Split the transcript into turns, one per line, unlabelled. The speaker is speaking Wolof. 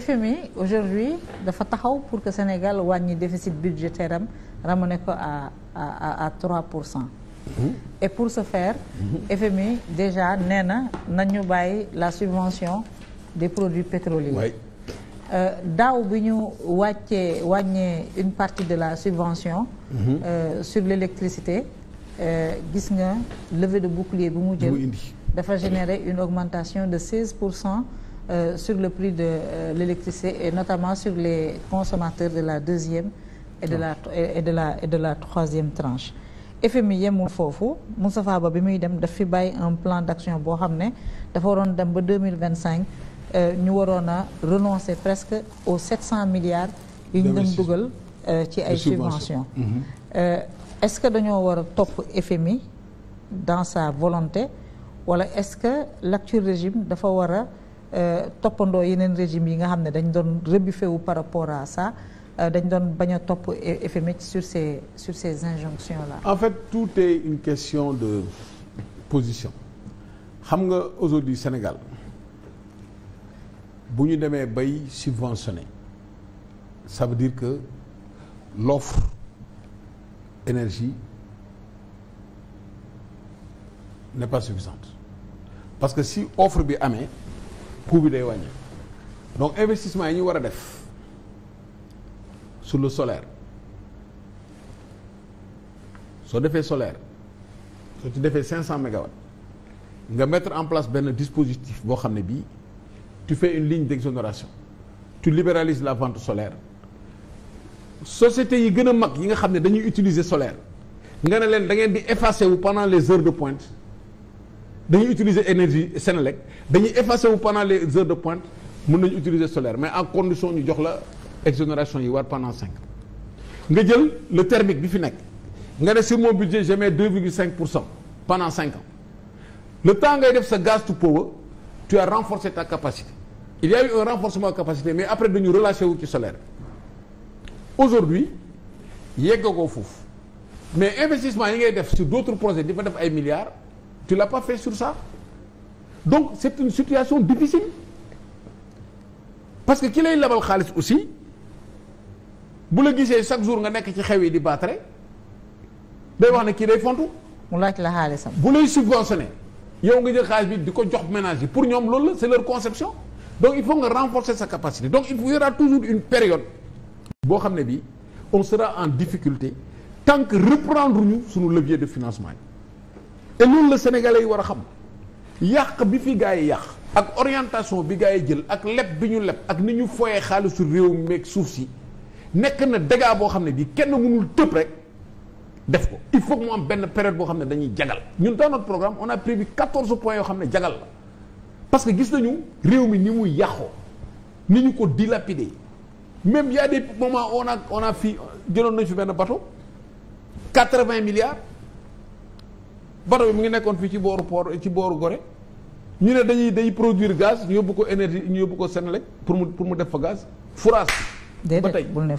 FMI aujourd'hui dafa taxaw pour que Sénégal wàññi déficit budgétaire am ramener ko à à à trois pour cent. Mmh. et pour ce faire. Mmh. FMI déjà nee na nañu bàyyi la subvention des produits pétroliers. Oui. Euh, daaw bi ñu wàccee wàññee une partie de la subvention mm -hmm. euh, sur l'électricité euh, gis euh, nga levée de bouclier bi mu jël dafa générer une augmentation de 16 pour cent euh, sur le prix de euh, l'électricité et notamment sur les consommateurs de la deuxième et de la ah. et de la et de la troisième tranche FMI yemul foofu Moustapha Ba bi muy dem daf fi bàyyi un plan d'action boo xam ne dafa waroon dem ba 2025 euh, ñu waroon a renoncer presque au 700 milliards yu ñu doon dugal euh, ci ay subventions mhm. euh, est-ce que dañoo war a topp FMI dans sa volonté wala est-ce que lacture régime dafa war a Eh, toppandoo yeneen régime yi nga xam ne dañ doon rebuffé wu par rapport à ça eh, dañ doon bañ a topp FMI sur ces sur ces injonctions là.
en fait tout est une question de position xam nga aujourd'hui Sénégal bu ñu demee bay subventionné ça veut dire que l'offre énergie ne pas suffisante parce que si offre bi amee. coût bi day wàññi donc investissement yi ñu war a def sur le solaire soo defee solaire soo ci defee cinq cent mégawatts nga mettre en place benn dispositif boo xam ne bii tu fais une ligne d'exonération tu libéralises la vente solaire société yi gën a mag yi nga xam ne dañuy utiliser solaire nga ne leen da ngeen di effacer wu pendant les heures de pointe dañuy utiliser énergie Senelec dañu effacer wu pendant les heures de pointe mën nañu utiliser solaire mais en condition ñu jox la exonération yi war pendant cinq nga jël le thermique bi fi nekk nga ne sur mon budget je mets deux cinq pour cent cinq le temps ngay def sa gaz to power tu as renforcé ta capacité il y un renforcement capacité mais après dañu relâché wu ci solaire aujourd'hui yeggagoo foofu mais investissement yi ngay def sur d'autres projets di fa def ay milliards tu l'as pas fait sur ça donc c'est une situation difficile parce que ki lay lebal xaalis aussi bu la gisee chaque jour nga nekk ci xew yi di baatare day wax ne kii day fontu.
mu laaj la xaalisam.
bu lay subventionné yow nga jël xaalis bi di ko jox ménage pour ñoom loolu la c'est leur conception donc il faut nga renforcer sa capacité donc il y aura toujours une période boo xam ne bii on sera en difficulté tant que reprendre ñu suñu levier de financement yi. te loolu la sénégalais yi war a xam yàq bi fi gars yi yàq ak orientation bi gars yi jël ak leb bi ñu leb ak ni ñu foyee xaalisu réew mi ak suuf si nekk na dégâts boo xam ne bi kenn mënul tëb rek def ko il faut que mu am benn période boo xam ne dañuy jagal ñun dans notre programme on a prévu quatorze points yoo xam ne jagal la parce que gis nañu réew mi ni muy yàqoo ni ñu ko dilapidé même y a des moments on a on a fi jëloon nañu fi benn bateau quatre vingt milliards bateau bi mu ngi nekkoon fii ci booru port ci booru Gorée ñu ne dañuy day produire gaz ñu yóbbu ko énergie ñu yóbbu ko Senelec pour mu pour mu def fa gaz forage ba tey